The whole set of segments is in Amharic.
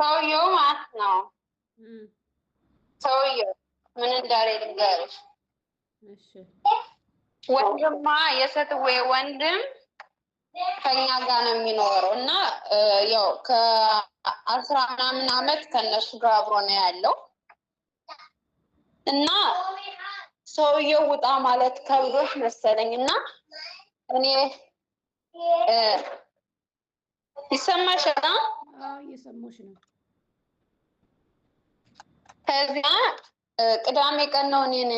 ሰውየው ማለት ነው። ሰውየው ምን እንዳለ ልንገርሽ። ወንድማ የሰትዌ ወንድም ከኛ ጋር ነው የሚኖረው እና ያው ከአስራ ምናምን አመት ከእነሱ ጋር አብሮ ነው ያለው እና ሰውየው ውጣ ማለት ከብዶች መሰለኝ እና እኔ ይሰማሻል እየሰሞች ነው። ከዚያ ቅዳሜ ቀን ነው እኔን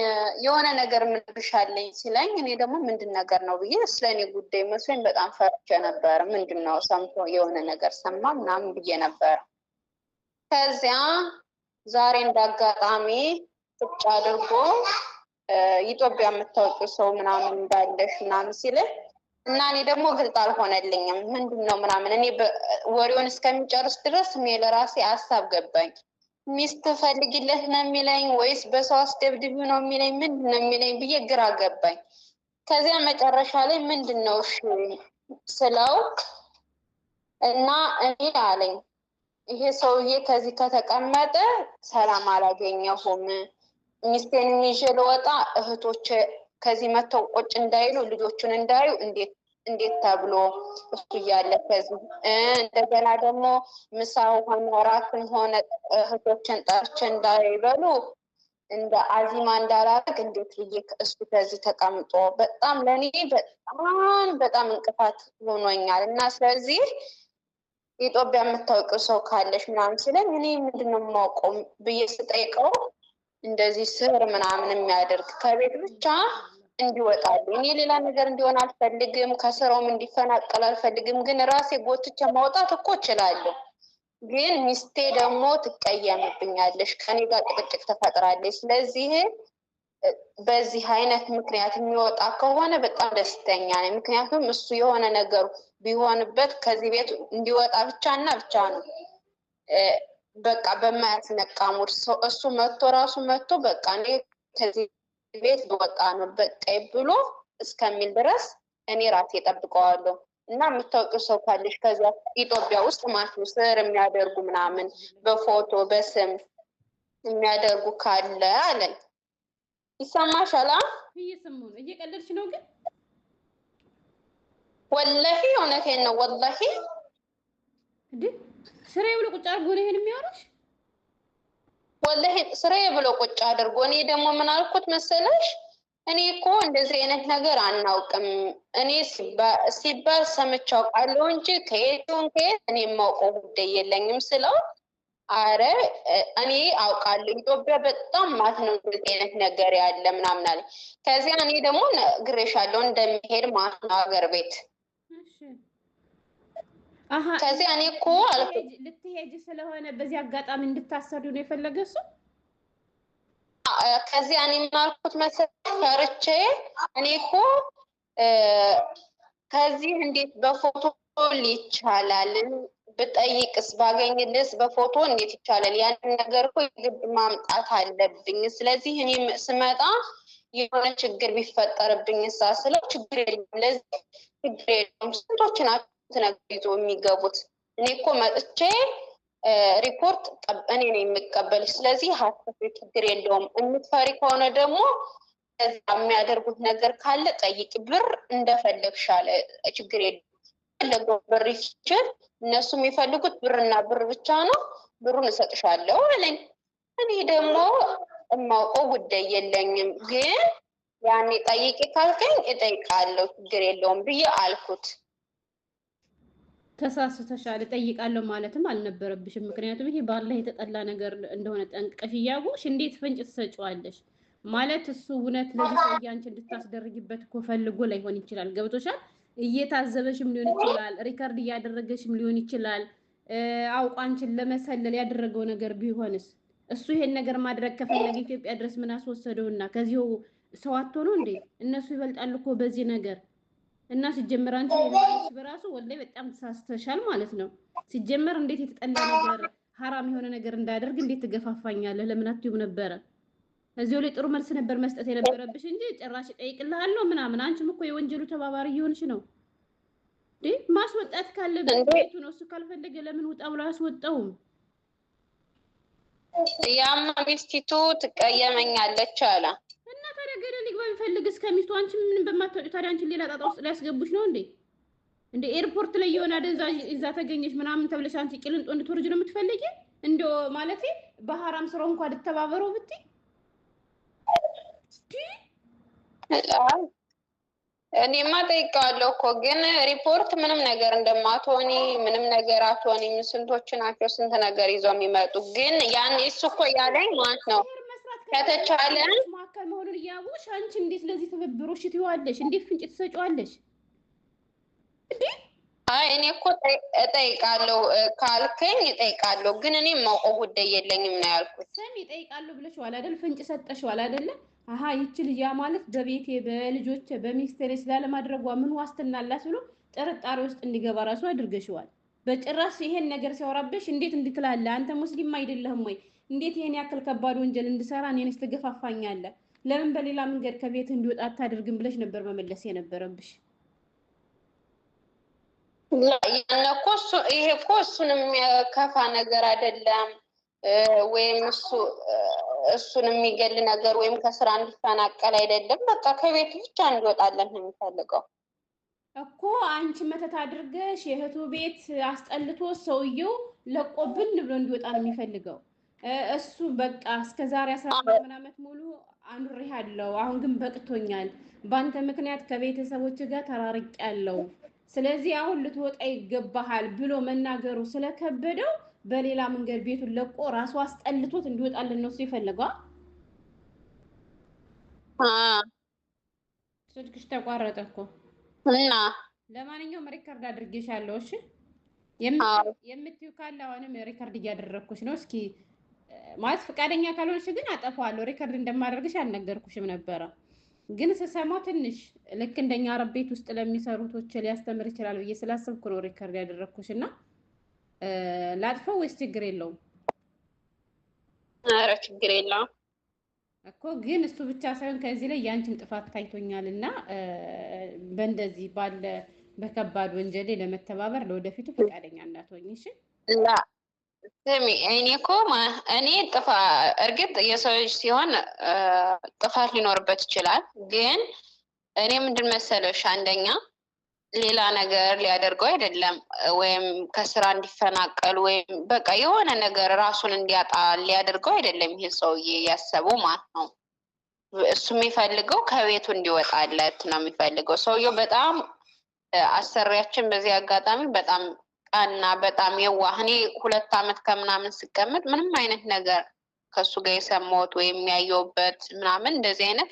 የሆነ ነገር ምንብሻለኝ ሲለኝ፣ እኔ ደግሞ ምንድን ነገር ነው ብዬ ስለ እኔ ጉዳይ መስሎኝ በጣም ፈርቼ ነበር። ምንድን ነው ሰምቶ የሆነ ነገር ሰማ ምናምን ብዬ ነበር። ከዚያ ዛሬ እንዳጋጣሚ ቁጭ አድርጎ ኢትዮጵያ የምታወቂው ሰው ምናምን እንዳለሽ ምናምን ሲለኝ እና እኔ ደግሞ ግልጽ አልሆነልኝም። ምንድን ነው ምናምን እኔ ወሬውን እስከሚጨርስ ድረስ እኔ ለራሴ ሀሳብ ገባኝ። ሚስት ፈልግለት ነው የሚለኝ ወይስ በሰው አስደብድቢው ነው የሚለኝ ምንድን ነው የሚለኝ ብዬ ግራ ገባኝ። ከዚያ መጨረሻ ላይ ምንድን ነው ስለው እና እኔ አለኝ ይሄ ሰውዬ ከዚህ ከተቀመጠ ሰላም አላገኘሁም። ሚስቴን ይዤ ልወጣ እህቶች ከዚህ መጥተው ቁጭ እንዳይሉ ልጆቹን እንዳዩ እንዴት እንዴት ተብሎ እሱ እያለ ከዚህ እንደገና ደግሞ ምሳው ሆነ እራትም ሆነ እህቶችን ጠርቼ እንዳይበሉ እንደ አዚማ እንዳላረግ እንዴት ብዬ እሱ ከዚህ ተቀምጦ በጣም ለእኔ በጣም በጣም እንቅፋት ሆኖኛል። እና ስለዚህ ኢትዮጵያ የምታውቂው ሰው ካለሽ ምናምን ሲለኝ እኔ ምንድነው የማውቀው ብዬ ስጠይቀው እንደዚህ ስር ምናምን የሚያደርግ ከቤት ብቻ እንዲወጣሉ። እኔ ሌላ ነገር እንዲሆን አልፈልግም፣ ከስራውም እንዲፈናቀል አልፈልግም። ግን ራሴ ጎትቼ ማውጣት እኮ እችላለሁ። ግን ሚስቴ ደግሞ ትቀየምብኛለሽ፣ ከኔ ጋር ጭቅጭቅ ትፈጥራለች። ስለዚህ በዚህ አይነት ምክንያት የሚወጣ ከሆነ በጣም ደስተኛ ነኝ። ምክንያቱም እሱ የሆነ ነገር ቢሆንበት ከዚህ ቤት እንዲወጣ ብቻ እና ብቻ ነው በቃ በማያስነቃ ሙድ እሱ መቶ ራሱ መጥቶ በቃ እኔ ከዚህ ቤት በወጣ ነው በቃይ ብሎ እስከሚል ድረስ እኔ ራሴ ጠብቀዋለሁ። እና የምታውቂው ሰው ካለሽ ከዚያ ኢትዮጵያ ውስጥ ማለት ነው ስር የሚያደርጉ ምናምን በፎቶ በስም የሚያደርጉ ካለ አለኝ። ይሰማሻላ? እየሰማሁ ነው። እየቀለድሽ ነው ግን ወላሂ እውነቴን ነው። ወላሂ ስሬ ብሎ ቁጭ አድርጎ ነው ይሄን የሚያወራሽ ወላሂ ስራዬ ብሎ ቁጭ አድርጎ እኔ ደግሞ ምን አልኩት መሰለሽ እኔ እኮ እንደዚህ አይነት ነገር አናውቅም። እኔ ሲባል ሰምቼ አውቃለሁ እንጂ ከየቱን ከየት እኔ የማውቀው ጉዳይ የለኝም ስለው፣ አረ እኔ አውቃለሁ ኢትዮጵያ በጣም ማት ነው እንደዚህ አይነት ነገር ያለ ምናምን አለ። ከዚያ እኔ ደግሞ ነግሬሻለሁ እንደሚሄድ ማት ነው ሀገር ቤት ከዚህ እኔ እኮ ልትሄጂ ስለሆነ በዚህ አጋጣሚ እንድታሰዱ ነው የፈለገ እሱ። ከዚህ እኔ የማልኩት መሰለኝ ፈርቼ እኔ እኮ ከዚህ እንዴት በፎቶ ይቻላል ብጠይቅስ ባገኝልስ በፎቶ እንዴት ይቻላል? ያንን ነገር እኮ የግድ ማምጣት አለብኝ። ስለዚህ እኔ ስመጣ የሆነ ችግር ቢፈጠርብኝ እሳ ስለው ችግር የለም ለዚህ ችግር የለም ስንቶች ናቸው ነገር የሚገቡት። እኔ እኮ መጥቼ ሪፖርት እኔ ነው የምቀበልሽ፣ ስለዚህ ሀሰት ችግር የለውም። የምትፈሪ ከሆነ ደግሞ የሚያደርጉት ነገር ካለ ጠይቅ። ብር እንደፈለግሻለ ችግር የለውም። ፈለገው ብር ይችል እነሱ የሚፈልጉት ብርና ብር ብቻ ነው። ብሩን እሰጥሻለሁ አለኝ። እኔ ደግሞ የማውቀው ጉዳይ የለኝም፣ ግን ያኔ ጠይቄ ካልከኝ እጠይቃለሁ ችግር የለውም ብዬ አልኩት። ተሳስተሻል እጠይቃለሁ ማለትም አልነበረብሽም። ምክንያቱም ይሄ ባላህ የተጠላ ነገር እንደሆነ ጠንቅቀሽ እያወቅሽ እንዴት ፍንጭ ትሰጪዋለሽ? ማለት እሱ እውነት ለዚህ አንቺ እንድታስደርጊበት እኮ ፈልጎ ላይሆን ይችላል። ገብቶሻል? እየታዘበሽም ሊሆን ይችላል። ሪከርድ እያደረገሽም ሊሆን ይችላል። አውቆ አንቺን ለመሰለል ያደረገው ነገር ቢሆንስ? እሱ ይሄን ነገር ማድረግ ከፈለገ ኢትዮጵያ ድረስ ምን አስወሰደውና ከዚሁ ሰው አቶ እንዴ? እነሱ ይበልጣሉ እኮ በዚህ ነገር እና ሲጀመር አንቺ በራሱ ወላሂ በጣም ተሳስተሻል ማለት ነው። ሲጀመር እንዴት የተጠላ ነገር ሀራም የሆነ ነገር እንዳደርግ እንዴት ትገፋፋኛለህ? ለምን አትዩም ነበረ? እዚሁ ላይ ጥሩ መልስ ነበር መስጠት የነበረብሽ እንጂ ጭራሽ እጠይቅልሃለሁ ምናምን። አንቺም እኮ የወንጀሉ ተባባሪ እየሆንሽ ነው። ማስወጣት ካለ ቤቱ ነው። እሱ ካልፈለገ ለምን ውጣ ብሎ አያስወጣውም? ያማ ሚስቲቱ ትቀየመኛለች አላ እስከ ሚስቱ አንቺ ምንም በማታውቂው ታዲያ አንቺን ሌላ ጣጣ ውስጥ ሊያስገቡሽ ነው እንዴ? እንደ ኤርፖርት ላይ የሆነ አደንዛዥ እዛ ተገኘሽ ምናምን ተብለሽ አንቺ ቂሊንጦ እንድትወርጅ ነው የምትፈልጊ? እንደ ማለቴ በሀራም ስራው እንኳን ልተባበረው ብትይ እኔማ ጠይቀዋለሁ እኮ ግን ሪፖርት ምንም ነገር እንደማትሆኒ ምንም ነገር አትሆኒ። ስንቶች ናቸው ስንት ነገር ይዘው የሚመጡ ግን ያን እሱ እኮ ያለኝ ማለት ነው ከተቻለ ማከል መሆኑን እያወቅሽ አንቺ እንዴት ለዚህ ትብብሮሽ ትይዋለሽ? እንዴት ፍንጭ ትሰጪዋለሽ? አይ እኔ እኮ እጠይቃለሁ ካልከኝ እጠይቃለሁ፣ ግን እኔ ማውቀው ጉዳይ የለኝም ነው ያልኩት። ስም ይጠይቃለሁ ብለሽዋል አይደል? ፍንጭ ሰጠሽዋል አይደለ? አሀ ይቺ ልጅ ያ ማለት በቤቴ በልጆቼ በሚኒስቴሬ ስላለማድረጓ ምን ዋስትና አላት ብሎ ጥርጣሬ ውስጥ እንዲገባ ራሱ አድርገሽዋል። በጭራሽ ይሄን ነገር ሲያወራብሽ እንዴት እንድትላለ አንተ ሙስሊም አይደለህም ወይ እንዴት ይሄን ያክል ከባድ ወንጀል እንድሰራ እኔንስ ትገፋፋኛለህ? ለምን በሌላ መንገድ ከቤት እንዲወጣ አታደርግም ብለሽ ነበር መመለስ የነበረብሽ። ይሄ እኮ እሱን ከፋ ነገር አይደለም ወይም እሱ እሱን የሚገል ነገር ወይም ከስራ እንዲፈናቀል አይደለም። በቃ ከቤት ብቻ እንዲወጣለን ነው የሚፈልገው እኮ አንቺ መተት አድርገሽ የእህቱ ቤት አስጠልቶ ሰውየው ለቆብን ብሎ እንዲወጣ ነው የሚፈልገው። እሱ በቃ እስከ ዛሬ አስራ ምናምን ዓመት ሙሉ አኑሬ ያለው አሁን ግን በቅቶኛል። በአንተ ምክንያት ከቤተሰቦች ጋር ተራርቅ ያለው ስለዚህ አሁን ልትወጣ ይገባሃል ብሎ መናገሩ ስለከበደው በሌላ መንገድ ቤቱን ለቆ ራሱ አስጠልቶት እንዲወጣልን ነው እሱ ይፈልገዋል። ስልክሽ ተቋረጠ እኮ እና ለማንኛውም ሪከርድ አድርጌሻለሁ። እሺ የምትዩ ካለ አሁንም ሪከርድ እያደረግኩሽ ነው። እስኪ ማለት ፈቃደኛ ካልሆነች ግን አጠፋዋለሁ። ሪከርድ እንደማደርግሽ አልነገርኩሽም ነበረ። ግን ስሰማ ትንሽ ልክ እንደኛ አረብ ቤት ውስጥ ለሚሰሩቶች ሊያስተምር ይችላል ብዬ ስላሰብኩ ነው ሪከርድ ያደረግኩሽ። እና ላጥፈው ወይስ ችግር የለውም? ኧረ ችግር የለውም እኮ ግን እሱ ብቻ ሳይሆን ከዚህ ላይ የአንቺም ጥፋት ታይቶኛል እና በእንደዚህ ባለ በከባድ ወንጀሌ ለመተባበር ለወደፊቱ ፈቃደኛ እንዳትሆኝ እሺ። ስሚ እኔ እኮ እኔ ጥፋ እርግጥ የሰው ልጅ ሲሆን ጥፋት ሊኖርበት ይችላል። ግን እኔ ምንድን መሰለሽ፣ አንደኛ ሌላ ነገር ሊያደርገው አይደለም፣ ወይም ከስራ እንዲፈናቀል ወይም በቃ የሆነ ነገር ራሱን እንዲያጣ ሊያደርገው አይደለም። ይህን ሰውዬ ያሰበው ማለት ነው። እሱ የሚፈልገው ከቤቱ እንዲወጣለት ነው የሚፈልገው። ሰውየው በጣም አሰሪያችን፣ በዚህ አጋጣሚ በጣም እና በጣም የዋህ እኔ ሁለት ዓመት ከምናምን ስቀመጥ ምንም አይነት ነገር ከሱ ጋር የሰማሁት ወይም ያየሁበት ምናምን እንደዚህ አይነት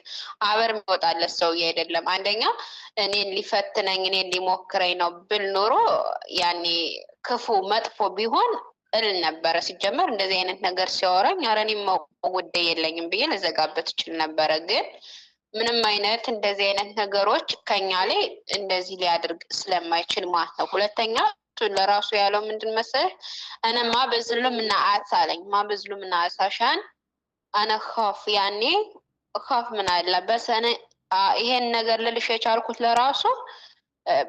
አበር የሚወጣለት ሰውዬ አይደለም። አንደኛ እኔን ሊፈትነኝ እኔን ሊሞክረኝ ነው ብል ኖሮ ያኔ ክፉ መጥፎ ቢሆን እል ነበረ። ሲጀመር እንደዚህ አይነት ነገር ሲያወራኝ ኧረ እኔም የለኝም ብዬ ልዘጋበት እችል ነበረ። ግን ምንም አይነት እንደዚህ አይነት ነገሮች ከኛ ላይ እንደዚህ ሊያደርግ ስለማይችል ማለት ነው። ሁለተኛ ለራሱ ያለው ምንድን መሰለህ? እነ ማበዝሉም እና አሳለኝ አለኝ ማበዝሉም እና አሳሻን አነ ኸፍ ያኔ ኸፍ ምን አለ በሰነ ይሄን ነገር ልልሽ የቻልኩት ለራሱ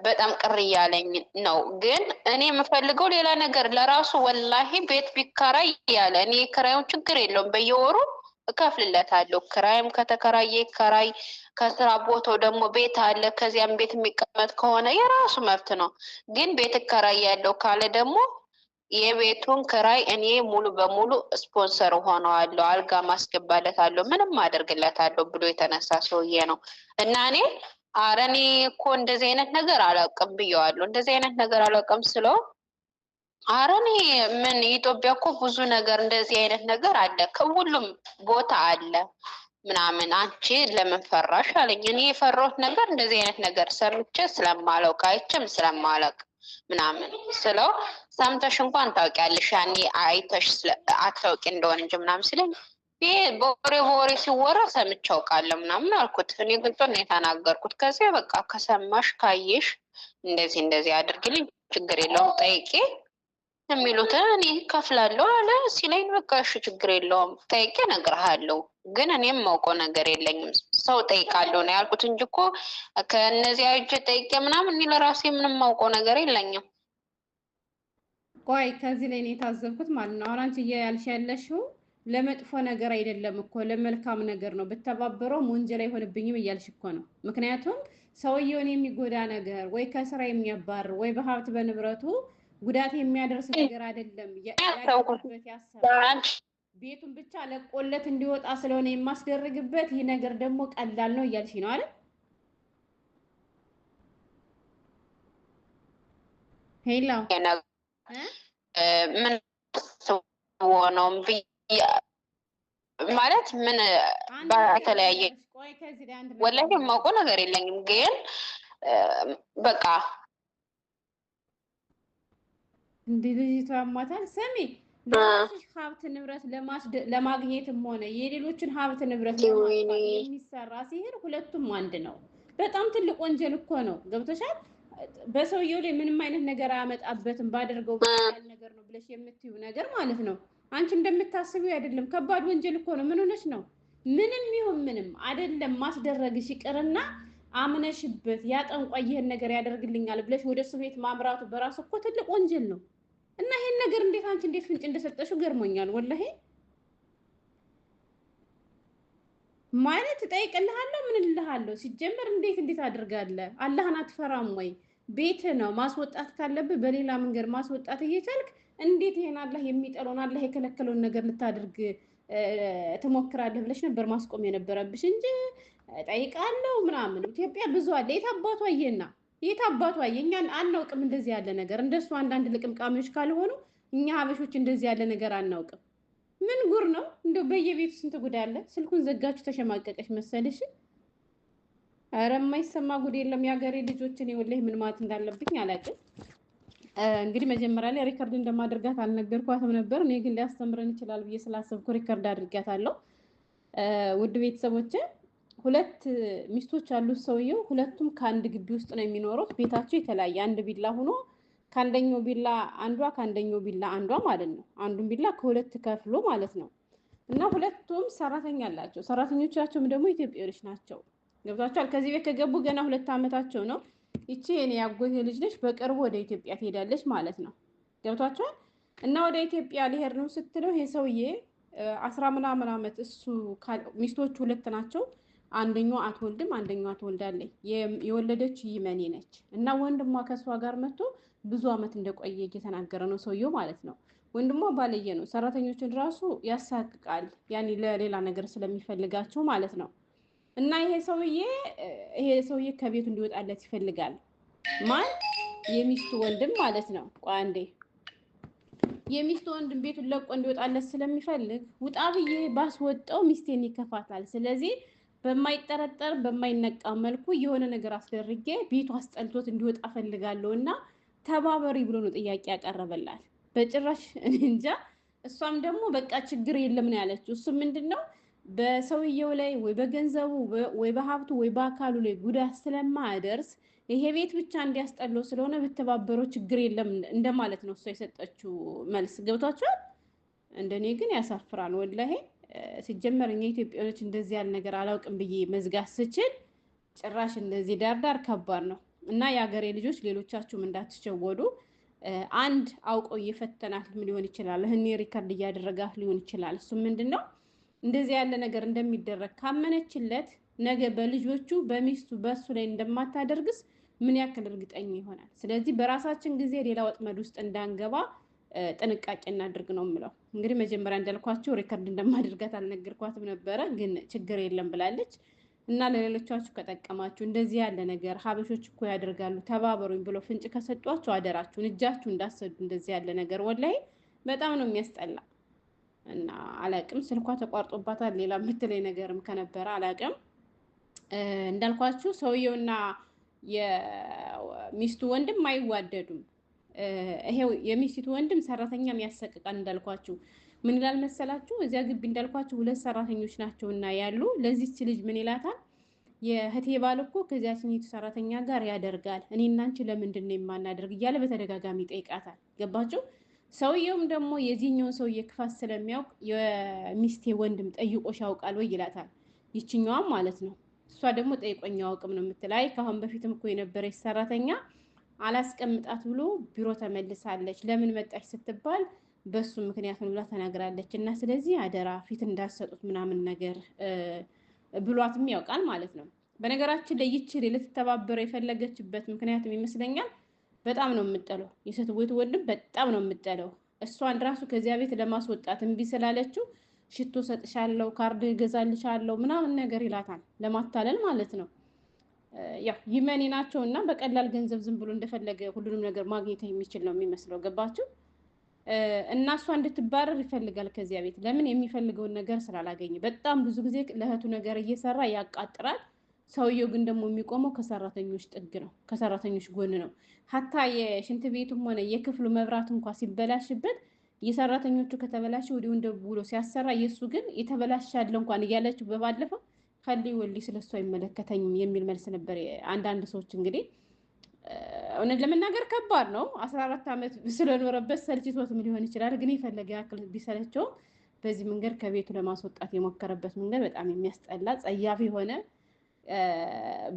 በጣም ቅር እያለኝ ነው። ግን እኔ የምፈልገው ሌላ ነገር ለራሱ ወላሂ ቤት ቢከራይ እያለ እኔ የክራዩን ችግር የለውም በየወሩ እከፍልለታለሁ። ክራይም ከተከራየ ከራይ፣ ከስራ ቦታው ደግሞ ቤት አለ። ከዚያም ቤት የሚቀመጥ ከሆነ የራሱ መብት ነው። ግን ቤት እከራያለሁ ካለ ደግሞ የቤቱን ክራይ እኔ ሙሉ በሙሉ ስፖንሰር ሆነዋለሁ፣ አልጋ ማስገባለታለሁ፣ ምንም አደርግለታለሁ ብሎ የተነሳ ሰውዬ ነው እና እኔ አረ እኔ እኮ እንደዚህ አይነት ነገር አላውቅም ብየዋለሁ። እንደዚህ አይነት ነገር አላውቅም ስለው አረ እኔ ምን ኢትዮጵያ እኮ ብዙ ነገር እንደዚህ አይነት ነገር አለ፣ ከሁሉም ቦታ አለ ምናምን። አንቺ ለምን ፈራሽ አለኝ። እኔ የፈራሁት ነገር እንደዚህ አይነት ነገር ሰምቼ ስለማላውቅ አይቼም ስለማለቅ ምናምን ስለው ሰምተሽ እንኳን ታውቂያለሽ ያኔ አይተሽ አታውቂ እንደሆነ እንጂ ምናምን ስለኝ ይሄ በወሬ በወሬ ሲወራ ሰምቼ አውቃለሁ ምናምን አልኩት። እኔ ነው የተናገርኩት። ከዚያ በቃ ከሰማሽ ካየሽ እንደዚህ እንደዚህ አድርግልኝ ችግር የለውም ጠይቄ የሚሉትን እኔ ከፍላለሁ አለ ሲለኝ፣ በቃ እሺ ችግር የለውም ጠይቄ እነግርሃለሁ፣ ግን እኔም ማውቀው ነገር የለኝም ሰው ጠይቃለሁ ነው ያልኩት እንጂ እኮ ከእነዚህ አይቼ ጠይቄ ምናምን እኔ ለራሴ ምንም ማውቀው ነገር የለኝም። ቆይ ከዚህ ላይ ነው የታዘብኩት ማለት ነው። አሁን አንቺ እያልሽ ያለሽው ለመጥፎ ነገር አይደለም እኮ ለመልካም ነገር ነው። ብተባበረውም ወንጀል አይሆንብኝም እያልሽ እኮ ነው። ምክንያቱም ሰውየውን የሚጎዳ ነገር ወይ ከስራ የሚያባር ወይ በሀብት በንብረቱ ጉዳት የሚያደርስ ነገር አይደለም። ቤቱን ብቻ ለቆለት እንዲወጣ ስለሆነ የማስደረግበት ይህ ነገር ደግሞ ቀላል ነው እያልሽ ነው አይደል? ሄላ ምን ሆነውም ማለት ምን በተለያየ ወላሂ የማውቀው ነገር የለኝም ግን በቃ እንደ ልጅቷ አሟታል። ስሚ ለራስሽ ሀብት ንብረት ለማግኘትም ሆነ የሌሎችን ሀብት ንብረት የሚሰራ ሲሄድ ሁለቱም አንድ ነው። በጣም ትልቅ ወንጀል እኮ ነው። ገብቶሻል? በሰውየው ላይ ምንም አይነት ነገር አያመጣበትም ባደርገው ነገር ነው ብለሽ የምትዩ ነገር ማለት ነው። አንቺ እንደምታስቢው አይደለም። ከባድ ወንጀል እኮ ነው። ምን ሆነሽ ነው? ምንም ይሁን ምንም አይደለም ማስደረግሽ ይቅርና አምነሽበት ያጠንቋ ይህን ነገር ያደርግልኛል ብለሽ ወደ እሱ ቤት ማምራቱ በራሱ እኮ ትልቅ ወንጀል ነው። እና ይሄን ነገር እንዴት አንቺ እንዴት ፍንጭ እንደሰጠሽው ገርሞኛል። ወላሄ ማለት እጠይቅልሃለሁ፣ ምን እልሃለሁ። ሲጀመር እንዴት እንዴት አድርጋለህ? አላህን አትፈራም ወይ? ቤት ነው ማስወጣት ካለብህ በሌላ መንገድ ማስወጣት እየቻልክ እንዴት ይሄን አላህ የሚጠላውን አላህ የከለከለውን ነገር ልታደርግ ትሞክራለህ? ብለሽ ነበር ማስቆም የነበረብሽ እንጂ እጠይቃለሁ ምናምን። ኢትዮጵያ ብዙ አለ የት አባቷ አየና የት አባቷ የእኛን አናውቅም። እንደዚህ ያለ ነገር እንደሱ አንዳንድ ልቅምቃሚዎች ካልሆኑ እኛ ሀበሾች እንደዚህ ያለ ነገር አናውቅም። ምን ጉር ነው እንደ በየቤቱ ስንት ጉድ አለ። ስልኩን ዘጋችሁ ተሸማቀቀች መሰልሽ። ኧረ የማይሰማ ጉድ የለም። የሀገሬ ልጆችን የወለህ ምን ማለት እንዳለብኝ አላውቅም። እንግዲህ መጀመሪያ ላይ ሪከርድ እንደማደርጋት አልነገርኳትም ነበር። እኔ ግን ሊያስተምረን ይችላል ብዬ ስላሰብኩ ሪከርድ አድርጊያታለሁ። ውድ ቤተሰቦች ሁለት ሚስቶች ያሉት ሰውየው ሁለቱም ከአንድ ግቢ ውስጥ ነው የሚኖሩት። ቤታቸው የተለያየ አንድ ቢላ ሆኖ ከአንደኛው ቢላ አንዷ ከአንደኛው ቢላ አንዷ ማለት ነው። አንዱን ቢላ ከሁለት ከፍሎ ማለት ነው። እና ሁለቱም ሰራተኛ አላቸው። ሰራተኞቻቸውም ደግሞ ኢትዮጵያዎች ናቸው። ገብቷቸዋል። ከዚህ ቤት ከገቡ ገና ሁለት ዓመታቸው ነው። ይቺ የኔ ያጎቴ ልጅ ነች። በቅርቡ ወደ ኢትዮጵያ ትሄዳለች ማለት ነው። ገብቷቸዋል። እና ወደ ኢትዮጵያ ሊሄድ ነው ስትለው ይሄ ሰውዬ አስራ ምናምን ዓመት እሱ ሚስቶቹ ሁለት ናቸው አንደኛው አትወልድም፣ አንደኛው አትወልዳለች። የወለደች ይመኔ ነች እና ወንድሟ ከእሷ ጋር መጥቶ ብዙ ዓመት እንደቆየ እየተናገረ ነው ሰውየው ማለት ነው። ወንድሟ ባለየ ነው። ሰራተኞችን ራሱ ያሳቅቃል፣ ያኔ ለሌላ ነገር ስለሚፈልጋቸው ማለት ነው። እና ይሄ ሰውዬ ይሄ ሰውዬ ከቤቱ እንዲወጣለት ይፈልጋል። ማን የሚስቱ ወንድም ማለት ነው። ቆይ አንዴ የሚስቱ ወንድም ቤቱን ለቆ እንዲወጣለት ስለሚፈልግ ውጣ ብዬ ባስወጣው ሚስቴን ይከፋታል። ስለዚህ በማይጠረጠር በማይነቃ መልኩ የሆነ ነገር አስደርጌ ቤቱ አስጠልቶት እንዲወጣ ፈልጋለሁ እና ተባበሪ ብሎ ነው ጥያቄ ያቀረበላት። በጭራሽ እንጃ። እሷም ደግሞ በቃ ችግር የለም ነው ያለችው። እሱ ምንድን ነው በሰውየው ላይ ወይ በገንዘቡ ወይ በሀብቱ ወይ በአካሉ ላይ ጉዳት ስለማያደርስ ይሄ ቤት ብቻ እንዲያስጠለው ስለሆነ ብተባበረው ችግር የለም እንደማለት ነው እሷ የሰጠችው መልስ። ገብቷቸዋል። እንደኔ ግን ያሳፍራል ወላሄ። ሲጀመር እኛ ኢትዮጵያኖች እንደዚህ ያለ ነገር አላውቅም ብዬ መዝጋት ስችል ጭራሽ እንደዚህ ዳርዳር ከባድ ነው እና የሀገሬ ልጆች ሌሎቻችሁም እንዳትሸወዱ። አንድ አውቆ እየፈተናት ሊሆን ይችላል። እህኒ ሪከርድ እያደረጋት ሊሆን ይችላል። እሱም ምንድን ነው እንደዚህ ያለ ነገር እንደሚደረግ ካመነችለት ነገ በልጆቹ በሚስቱ በእሱ ላይ እንደማታደርግስ ምን ያክል እርግጠኛ ይሆናል? ስለዚህ በራሳችን ጊዜ ሌላ ወጥመድ ውስጥ እንዳንገባ ጥንቃቄ እናድርግ ነው የምለው። እንግዲህ መጀመሪያ እንዳልኳቸው ሪከርድ እንደማደርጋት አልነገርኳትም ነበረ፣ ግን ችግር የለም ብላለች። እና ለሌሎቻችሁ ከጠቀማችሁ እንደዚህ ያለ ነገር ሀበሾች እኮ ያደርጋሉ ተባበሩኝ ብሎ ፍንጭ ከሰጧችሁ አደራችሁን እጃችሁ እንዳሰዱ። እንደዚህ ያለ ነገር ወላይ በጣም ነው የሚያስጠላ። እና አላቅም ስልኳ ተቋርጦባታል። ሌላ የምትለኝ ነገርም ከነበረ አላቅም። እንዳልኳችሁ ሰውየውና የሚስቱ ወንድም አይዋደዱም። ይሄው የሚስቱ ወንድም ሰራተኛም ያሰቅቃል። እንዳልኳችሁ ምን ይላል መሰላችሁ? እዚያ ግቢ እንዳልኳችሁ ሁለት ሰራተኞች ናቸውና ያሉ ለዚች ልጅ ምን ይላታል? የህቴ ባል እኮ ከዚያችኛይቱ ሰራተኛ ጋር ያደርጋል። እኔ እናንቺ ለምንድን ነው የማናደርግ እያለ በተደጋጋሚ ይጠይቃታል። ገባችሁ? ሰውየውም ደግሞ የዚህኛውን ሰውዬ ክፋት ስለሚያውቅ የሚስቴ ወንድም ጠይቆሽ ያውቃል ወይ ይላታል። ይችኛዋም ማለት ነው እሷ ደግሞ ጠይቆኝ አያውቅም ነው የምትል። አይ ከአሁን በፊትም እኮ የነበረች ሰራተኛ አላስቀምጣት ብሎ ቢሮ ተመልሳለች። ለምን መጣች ስትባል በሱ ምክንያት ብላ ተናግራለች። እና ስለዚህ አደራ ፊት እንዳሰጡት ምናምን ነገር ብሏትም ያውቃል ማለት ነው። በነገራችን ላይ ልትተባበረ የፈለገችበት ምክንያትም ይመስለኛል በጣም ነው የምጠለው የሴት ወይት ወንድም በጣም ነው የምጠለው። እሷን ራሱ ከዚያ ቤት ለማስወጣት እምቢ ስላለችው ሽቶ ሰጥሻለው፣ ካርድ ገዛልሻለው ምናምን ነገር ይላታል ለማታለል ማለት ነው። ያው ይመኔ ናቸው እና በቀላል ገንዘብ ዝም ብሎ እንደፈለገ ሁሉንም ነገር ማግኘት የሚችል ነው የሚመስለው። ገባችሁ? እና እሷ እንድትባረር ይፈልጋል ከዚያ ቤት። ለምን የሚፈልገውን ነገር ስላላገኘ። በጣም ብዙ ጊዜ ለእህቱ ነገር እየሰራ ያቃጥራል። ሰውየው ግን ደግሞ የሚቆመው ከሰራተኞች ጥግ ነው፣ ከሰራተኞች ጎን ነው። ሀታ የሽንት ቤቱም ሆነ የክፍሉ መብራት እንኳ ሲበላሽበት የሰራተኞቹ ከተበላሸ ወዲሁ ውሎ ሲያሰራ፣ የእሱ ግን የተበላሻለ እንኳን እያለችው በባለፈው ፈሊ ወሊ ስለሱ አይመለከተኝም የሚል መልስ ነበር። አንዳንድ ሰዎች እንግዲህ እውነት ለመናገር ከባድ ነው። አስራ አራት ዓመት ስለኖረበት ሰልችቶትም ሊሆን ይችላል። ግን የፈለገ ያክል ቢሰለቸው በዚህ መንገድ ከቤቱ ለማስወጣት የሞከረበት መንገድ በጣም የሚያስጠላ ጸያፍ የሆነ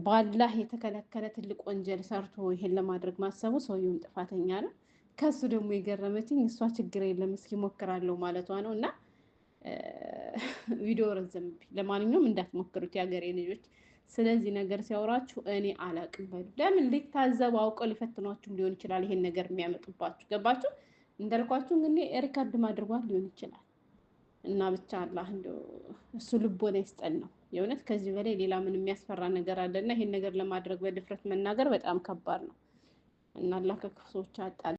ባላህ የተከለከለ ትልቅ ወንጀል ሰርቶ ይሄን ለማድረግ ማሰቡ ሰውየውም ጥፋተኛ ነው። ከሱ ደግሞ የገረመችኝ እሷ ችግር የለም እስኪ ሞክራለሁ ማለቷ ነው እና ቪዲዮ ረዘምብኝ። ለማንኛውም እንዳትሞክሩት የሀገሬ ልጆች። ስለዚህ ነገር ሲያወራችሁ እኔ አላቅም በሉ። ለምን ሊታዘቡ አውቀው ሊፈትኗችሁም ሊሆን ይችላል ይሄን ነገር የሚያመጡባችሁ ገባችሁ? እንዳልኳችሁ እንግዲህ ሪካርድ ማድርጓል ሊሆን ይችላል እና ብቻ አላህ እንደ እሱ ልቦና ይስጠን ነው የእውነት። ከዚህ በላይ ሌላ ምን የሚያስፈራ ነገር አለ? እና ይሄን ነገር ለማድረግ በድፍረት መናገር በጣም ከባድ ነው እና አላህ ከክፉ ሰዎች አጣል